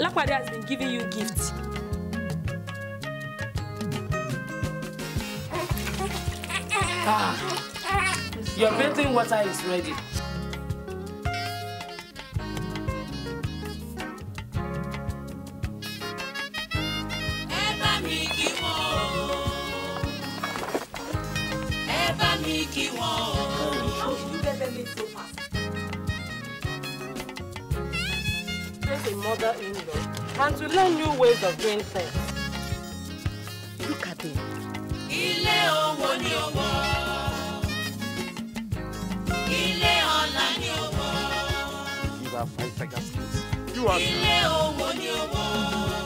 Lakwade has been giving you gifts. Ah, your bathing water is ready. of doing things. Look at him. Ilé owó ni owó. Ilé ọlá ni owó. You are five tiger skins. You are. Ilé owó ni owó.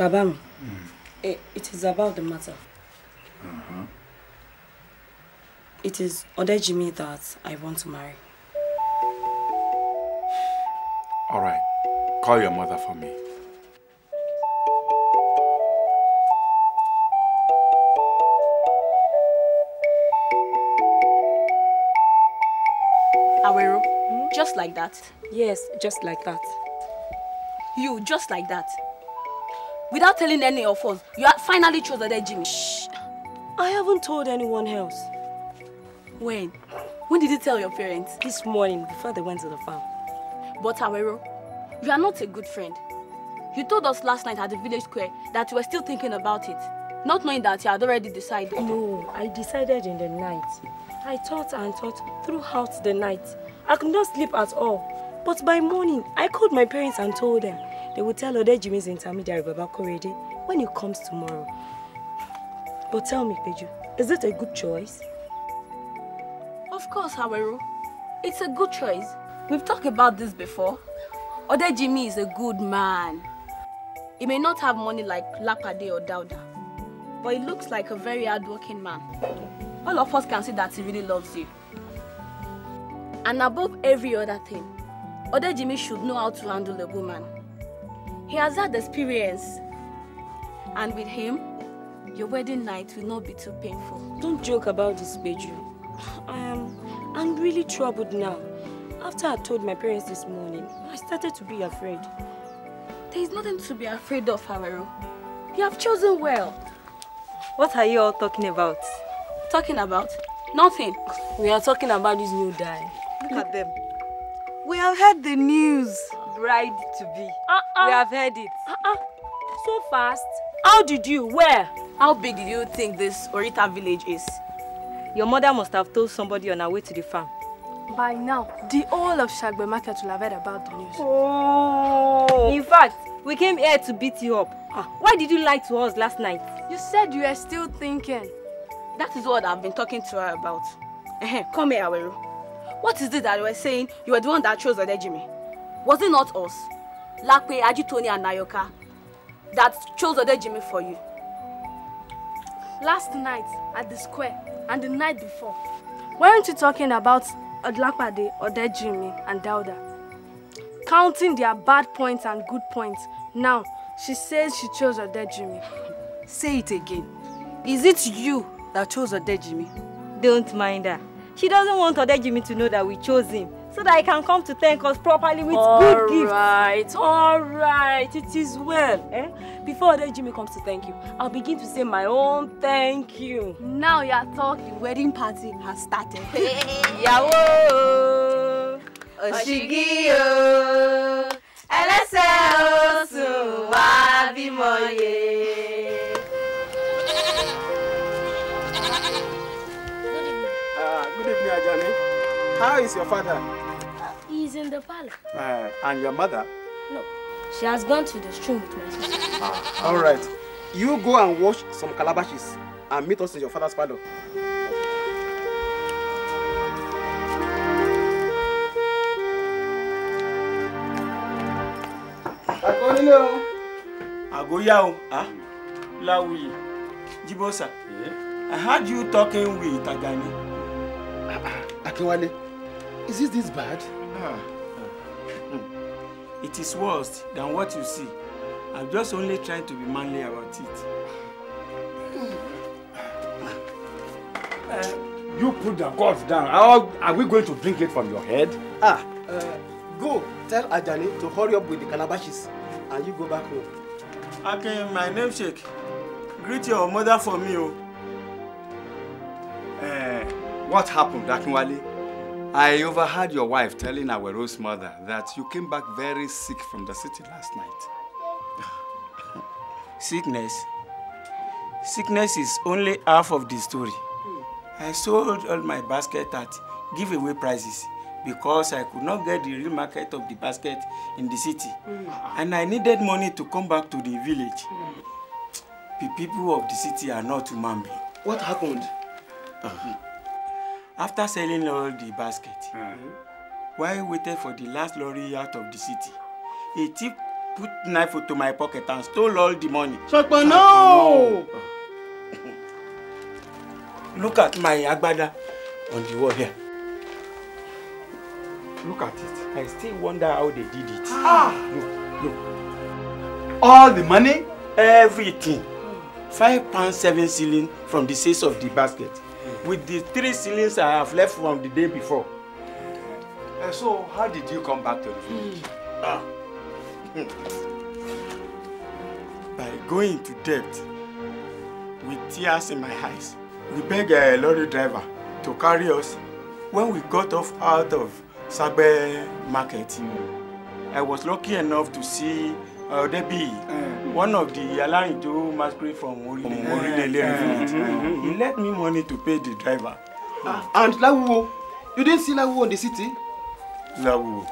Babam, mm. Eh, it is about the matter. Uh -huh. It is Odejimi that I want to marry. All right. Call your mother for me. Awero, hmm? just like that? Yes, just like that. You, just like that? without telling any of us. You have finally chosen that Jimmy. Shh. I haven't told anyone else. When? When did you tell your parents? This morning, before they went to the farm. But Awero, you are not a good friend. You told us last night at the village square that you were still thinking about it, not knowing that you had already decided. No, I decided in the night. I thought and thought throughout the night. I could not sleep at all. But by morning, I called my parents and told them. They will tell Jimmy's intermediary Baba Korede when he comes tomorrow. But tell me, Peju, is it a good choice? Of course, Haweru. It's a good choice. We've talked about this before. Jimmy is a good man. He may not have money like Lapade or Dauda, but he looks like a very hardworking man. All of us can see that he really loves you. And above every other thing, Jimmy should know how to handle a woman. He has had experience. And with him, your wedding night will not be too painful. Don't joke about this, Beju. Um, I'm really troubled now. After I told my parents this morning, I started to be afraid. There is nothing to be afraid of, Hawaru. You have chosen well. What are you all talking about? Talking about? Nothing. We are talking about this new guy. Look at them. We have heard the news. bride to be. Uh -uh. We have heard it. Uh -uh. So fast? How did you? Where? How big do you think this Orita village is? Your mother must have told somebody on her way to the farm. By now, the whole of Shagbe market will have heard about the news. Oh! In fact, we came here to beat you up. Ah, why did you lie to us last night? You said you were still thinking. That is what I've been talking to her about. Come here, Aweru. What is it that you were saying? You were the one that chose Odejimi. Was it not us, Lakpe, Ajitoni, and Nayoka, that chose Odejimi for you? Last night at the square and the night before, weren't you talking about Odlapade, Odejimi, and Dauda? Counting their bad points and good points. Now, she says she chose Odejimi. Say it again. Is it you that chose Odejimi? Don't mind her. She doesn't want Odejimi to know that we chose him so that he can come to thank us properly with all good gifts. All right, all right, it is well. Eh? Before Ode Jimmy comes to thank you, I'll begin to say my own thank you. Now you are talking, the wedding party has started. Ìyàwó! Òṣìgí o! Ẹlẹ́sẹ̀ oṣù How is your father? Uh, he's in the palace. Uh, and your mother? No. She has gone to the stream with my sister. Ah, all right. You go and wash some calabashes and meet us in your father's palace. Akọ́nílé o. Àgóyá o. Ah? Láwùyí. Jibosa. Eh? I heard you talking with Agani. Akínwálé. Ah, ah, Is it this bad? Ah. Mm. It is worse than what you see. I'm just only trying to be manly about it. Eh, you put the gods down. How are we going to drink it from your head? Ah, uh, go tell Ajani to hurry up with the calabashes and you go back home. Akin, my namesake, greet your mother for me. Oh. Uh, what happened, Akinwale? I overheard your wife telling Rose mother that you came back very sick from the city last night. Sickness? Sickness is only half of the story. I sold all my basket at giveaway prices because I could not get the real market of the basket in the city. Mm. And I needed money to come back to the village. Mm. The people of the city are not human What happened? Uh ah. -huh. After selling all the basket, mm-hmm. while waited for the last lorry out of the city, a thief put knife into my pocket and stole all the money. Sopo, no! Look at my agbada on the wall here. Look at it. I still wonder how they did it. Ah! Look, look. All the money? Everything. Hmm. Five pounds seven shilling from the sales of the basket with the three ceilings I have left from the day before. Uh, so, how did you come back to the village? Mm. Ah. Hmm. By going into debt, with tears in my eyes, we begged eh, a lorry driver to carry us. When we got off out of Sagbe market, mm. I was lucky enough to see uh, Debbie. Eh, mm one of the alárìnjó masquerade from orílẹ̀ orílẹ̀ eh, ilé eh, eh, mm-hmm. he lent me money to pay the driver. Uh, and Lawuwo you didn't see Lawuwo in the city. Lawuwo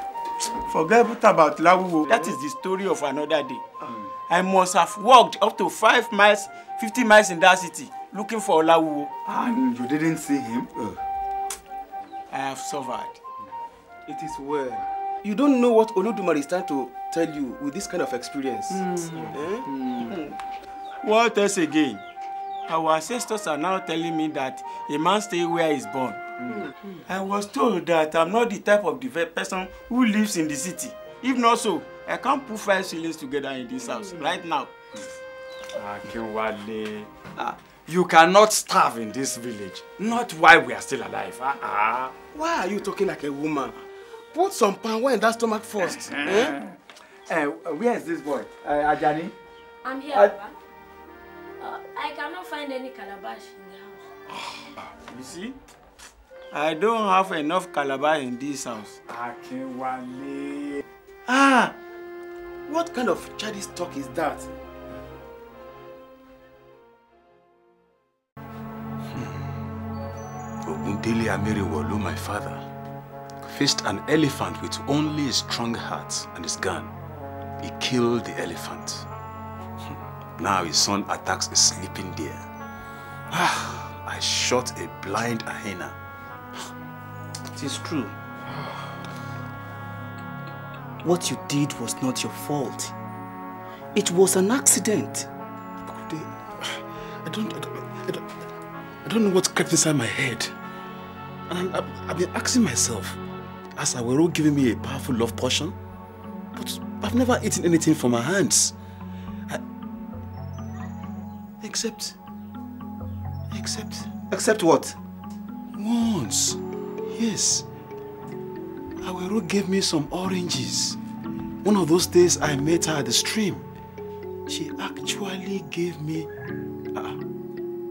forget about Lawuwo that is the story of another day mm. I must have walked up to five miles fifty miles in that city looking for Lawuwo. and you didn't see him. Uh. I have suffered. it is well you don't know what Olodumare is trying to tell you with this kind of experience. Mm. Eh? Mm. What else again? Our ancestors are now telling me that a man stay where he's born. Mm. I was told that I'm not the type of the person who lives in the city. If not so, I can't put five ceilings together in this house hmm. right now. Akinwale, ah, you cannot starve in this village. Not while we are still alive. Uh -uh. Why are you talking like a woman? Put some palm wine in that stomach first. eh? Uh, where is this boy? Uh, Ajani? I'm here, ah. Baba. Uh, I cannot find any calabash in the house. Ah, you see? I don't have enough calabash in this house. Akinwale. Ah! What kind of childish talk is that? Hmm. Ogundele Amerewolu, my father. faced an elephant with only his strong heart and his gun. He killed the elephant. Hmm. Now his son attacks a sleeping deer. Ah, I shot a blind hyena. It is true. What you did was not your fault. It was an accident. I don't, I don't, I don't, I don't know what crept inside my head. And I've been asking myself, as Asawero giving me a powerful love potion, but I've never eaten anything from her hands. I... Except... Except... Except what? Once. Yes. Awero gave me some oranges. One of those days I met her at the stream. She actually gave me... Uh,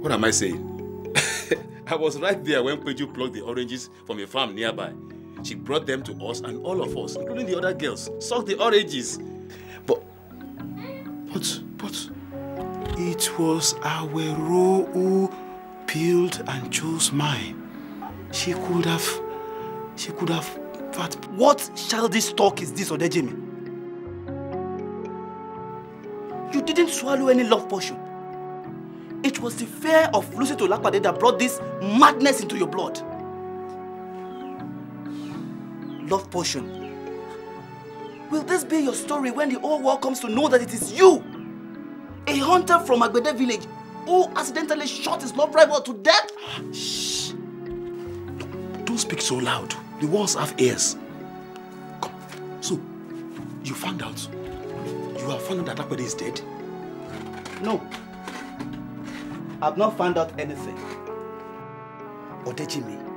what am I saying? I was right there when Peju plucked the oranges from a farm nearby. She brought them to us and all of us, including the other girls, sucked the oranges. But, but, but, it was Awero who peeled and chose mine. She could have, she could have, but... What childish talk is this, Odejimi? You didn't swallow any love potion. It was the fear of losing to Lakpade that brought this madness into your blood love potion. Will this be your story when the whole world comes to know that it is you? A hunter from Agbede village who accidentally shot his love rival to death? Shh. Don't speak so loud. The walls have ears. Come. So, you found out. You have found out that Agbede is dead? No. I've not found out anything. Odejimi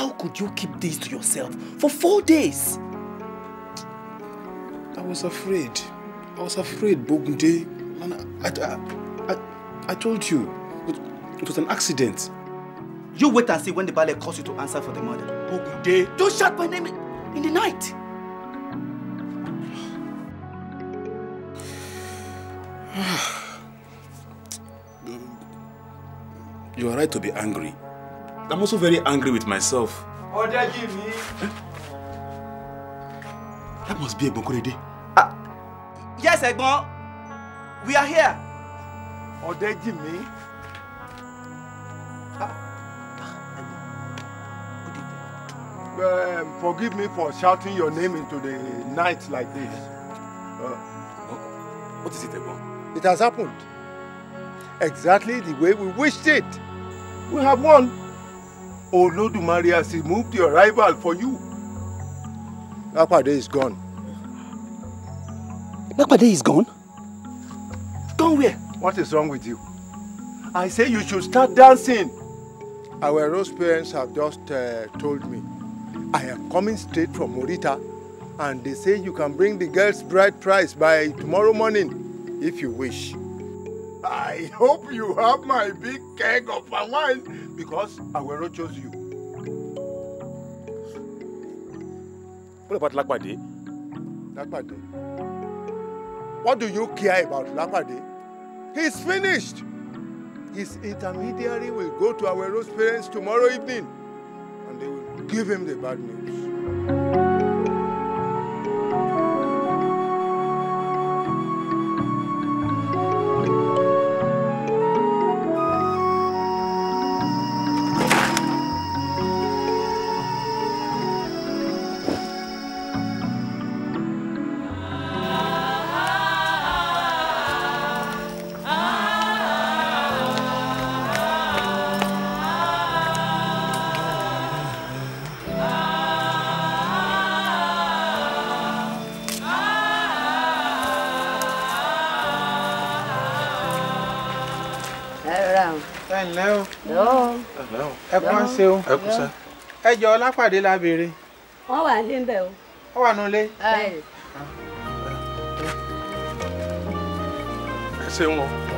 how could you keep this to yourself for four days? I was afraid. I was afraid, Bogunde. I, I, I, I told you, it was an accident. You wait and see when the ballet calls you to answer for the murder. Bogunde. Don't shout my name in the night. you are right to be angry. I'm also very angry with myself. Ọ̀dẹ́jìmí. Eh? That must be Ẹ̀gbọ́n Kóredé. Ah. Yes, Ẹ̀gbọ́n. We are here. me. Ah, ah, eh, um, forgive me for shouting your name into the night like this. Uh, what is it, Ẹ̀gbọ́n? It has happened. Exactly the way we wished it. We have won. Olódùmarè has removed your rival for you. Lápàdé is gone. Lápàdé is gone? Gone where? What is wrong with you? I say you should start dancing. Our Rose parents have just uh, told me. I am coming straight from Morita and they say you can bring the girl's bride price by tomorrow morning if you wish. I hope you have my big keg of wine because Awero chose you. What about Lakwade? Lakwade? What do you care about Lakwade? He's finished. His intermediary will go to Awero's parents tomorrow evening and they will give him the bad news. ẹ ǹlẹ́ o ẹ kú ń ṣe o ẹ jọ lápàdé la béèrè. wọ́n wà ní bẹ̀ o. wọ́n wà nulẹ̀. ẹ ṣeun o.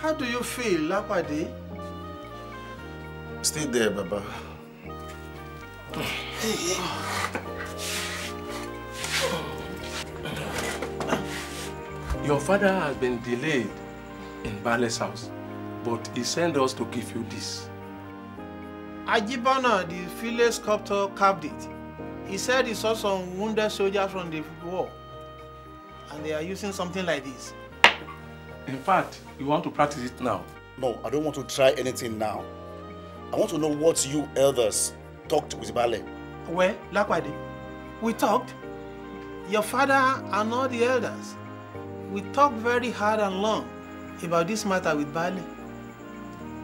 How do you feel, Lakwadi? Stay there, Baba. Your father has been delayed in Bale's house, but he sent us to give you this. Ajibana, the village sculptor, carved it. He said he saw some wounded soldiers from the war, and they are using something like this. In fact, you want to practice it now. No, I don't want to try anything now. I want to know what you elders talked with Bale. Well, Lakwadi, we talked. Your father and all the elders, we talked very hard and long about this matter with Bale.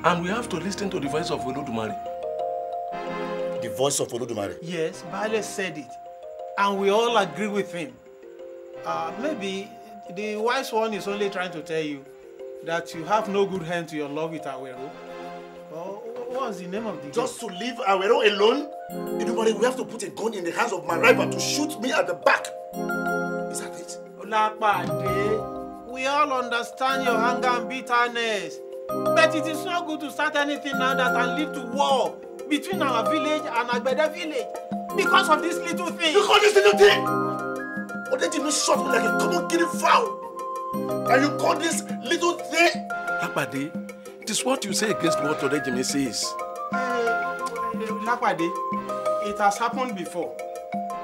And we have to listen to the voice of Olodumare. The voice of Olodumare? Yes, Bale said it. And we all agree with him. Uh, maybe the wise one is only trying to tell you that you have no good hand to your love with Awero. Oh, what was the name of the Just to leave Awero alone? Everybody, we have to put a gun in the hands of my rival to shoot me at the back. Is that it? Olapade, we all understand your anger and bitterness. But it is not good to start anything now that can lead to war between our village and Agbede village because of this little thing. Because this little thing? Or did you not shot me like a common guinea fowl? And you call this little thing? Lapade, it is what you say against what Odejimi says. Uh, it has happened before.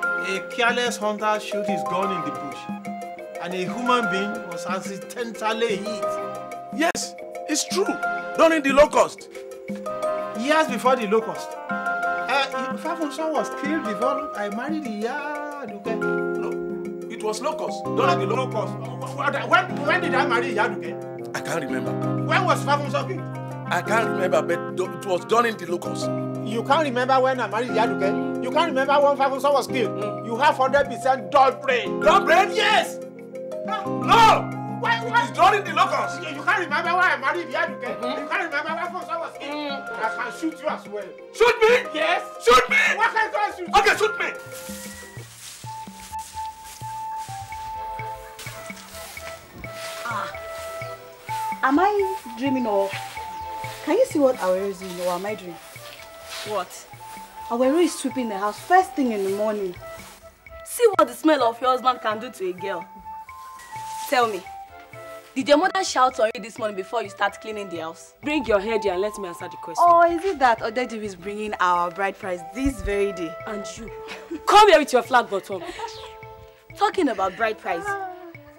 A careless hunter shot his gun in the bush, and a human being was accidentally hit. Yes, it's true. During the locust. Years before the locust. Uh, eh, Fafunso was killed before I married the yard, okay? was locust. Don't like the locust. When, when did I marry Yaduke? I can't remember. When was Fafun I can't remember, but it was done in the locust. You can't remember when I married Yaduke? You can't remember when Fafun was killed? Mm. You have 100% dull brain. Dull brain? Yes! Ah, no! Why, why? It's during the locust. You, you can't remember why I married Yaduke? Mm-hmm. You can't remember when Fafun was killed? Mm. I can shoot you as well. Shoot me? Yes. Shoot me? What can I shoot you? Okay, shoot me. Ah. am I dreaming or can you see what Awero is doing or am I dreaming? What? Awero is sweeping the house first thing in the morning. See what the smell of your husband can do to a girl. Tell me, did your mother shout on you this morning before you start cleaning the house? Bring your head here and let me answer the question. Oh, is it that Odejiv is bringing our bride price this very day? And you, come here with your flag bottom. Talking about bride price,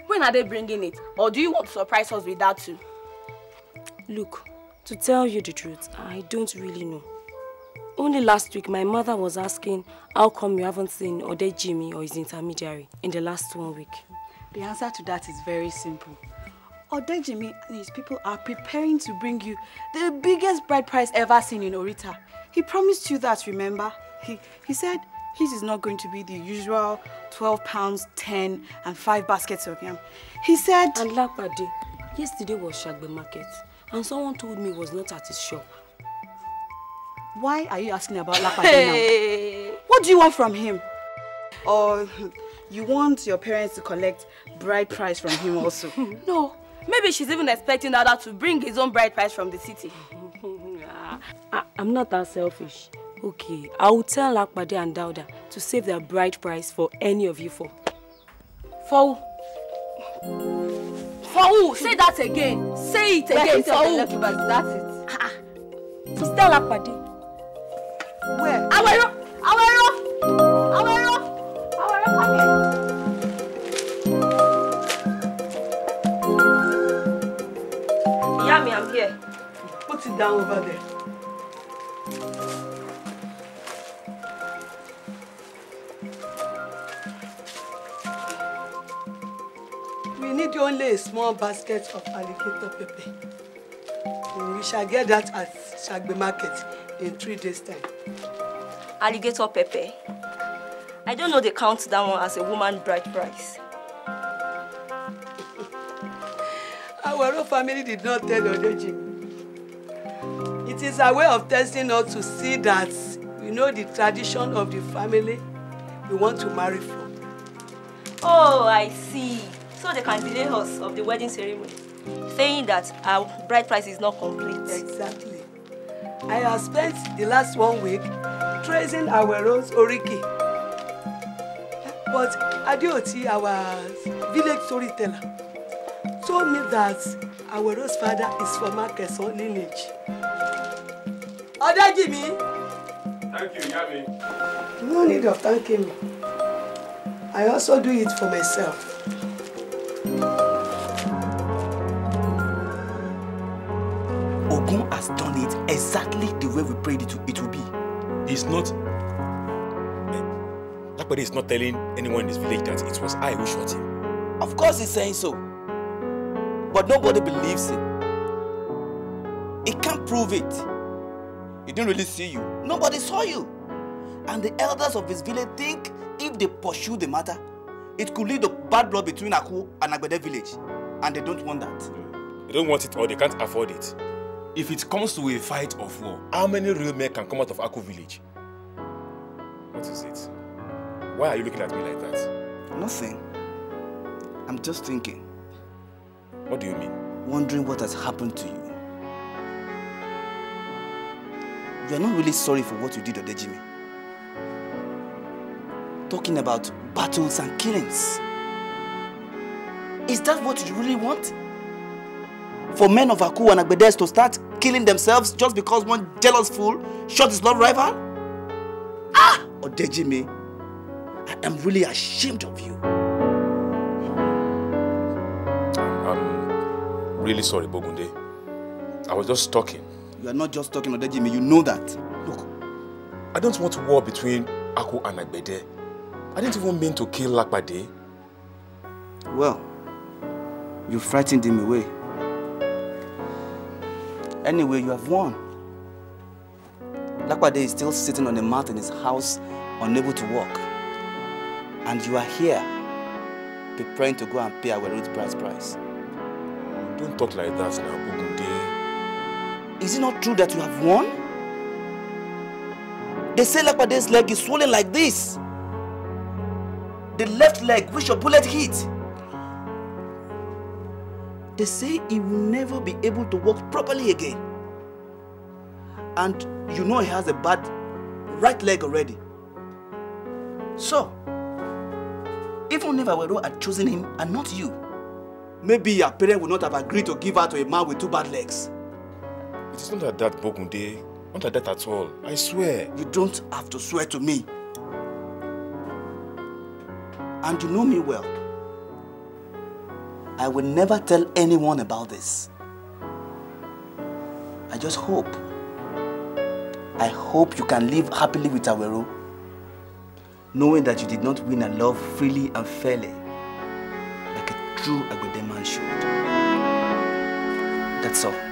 when are they bringing it? Or do you want to surprise us with that too? Look, to tell you the truth, I don't really know. Only last week, my mother was asking how come you haven't seen Ode Jimmy or his intermediary in the last one week. The answer to that is very simple. Ode Jimmy and his people are preparing to bring you the biggest bride price ever seen in Orita. He promised you that, remember? He, he said his is not going to be the usual 12 pounds, 10 and 5 baskets of yam. He said... And Lakpade, yesterday was Shagbe market and someone told me he was not at his shop. Why are you asking about Lakpade hey. now? What do you want from him? Or you want your parents to collect bride price from him also? no. Maybe she's even expecting Ada to bring his own bride price from the city. Ah, I, I'm not that selfish. Okay, I will tell Akpade and Dauda to save their bride price for any of you four. For who? For who? Say that again. Say it again. For who? That's it. Ah. ah. It's tell Akpade. Where? Awero! Awero! Awero! Awero, come here. Yami, I'm here. Put it down over there. only a small basket of alligator pepper. We shall get that at Shagbe Market in three days' time. Alligator pepper? I don't know they count that one as a woman bride price. Our own family did not tell Odeji. It is a way of testing us to see that we know the tradition of the family we want to marry from. Oh, I see so they can delay us of the wedding ceremony, saying that our bride price is not complete. Exactly. I have spent the last one week tracing our rose Oriki. But Adeoti, our village storyteller, told me that our Rose father is from Akeso lineage. Ọ̀dájìmí. Thank you, Yami. No need of thanking me. I also do it for myself. God has done it exactly the way we prayed it, it will be. It's not. Lakbade is not telling anyone in this village that it was I who shot him. Of course he's saying so. But nobody believes him. He can't prove it. He didn't really see you. Nobody saw you. And the elders of his village think if they pursue the matter, it could lead to bad blood between Aku and Agbede village. And they don't want that. They don't want it or they can't afford it if it comes to a fight of war, how many real men can come out of Aku village? What is it? Why are you looking at me like that? Nothing. I'm just thinking. What do you mean? Wondering what has happened to you. You are not really sorry for what you did, Odejimi. Talking about battles and killings. Is that what you really want? for men of Aku and Agbedes to start killing themselves just because one jealous fool shot his love rival? Ah! Odejimi, I am really ashamed of you. I'm really sorry, Bogunde. I was just talking. You are not just talking, Odejimi. You know that. Look, I don't want war between Aku and Agbede. I didn't even mean to kill Lakbade. Well, you frightened him away. Anyway, you have won. Lakwade is still sitting on the mat in his house, unable to walk. And you are here, preparing to go and pay our very price price. Um, don't talk like that now, Bugunde. Is it not true that you have won? They say Lakwade's leg is swollen like this. The left leg which your bullet hit they say he will never be able to walk properly again. And you know he has a bad right leg already. So, even if were had chosen him and not you, maybe your parents would not have agreed to give her to a man with two bad legs. It is not like that, Bogunde. Not like that at all. I swear. You don't have to swear to me. And you know me well. I will never tell anyone about this. I just hope. I hope you can live happily with Awero, knowing that you did not win a love freely and fairly, like a true Agudeman should. That's all.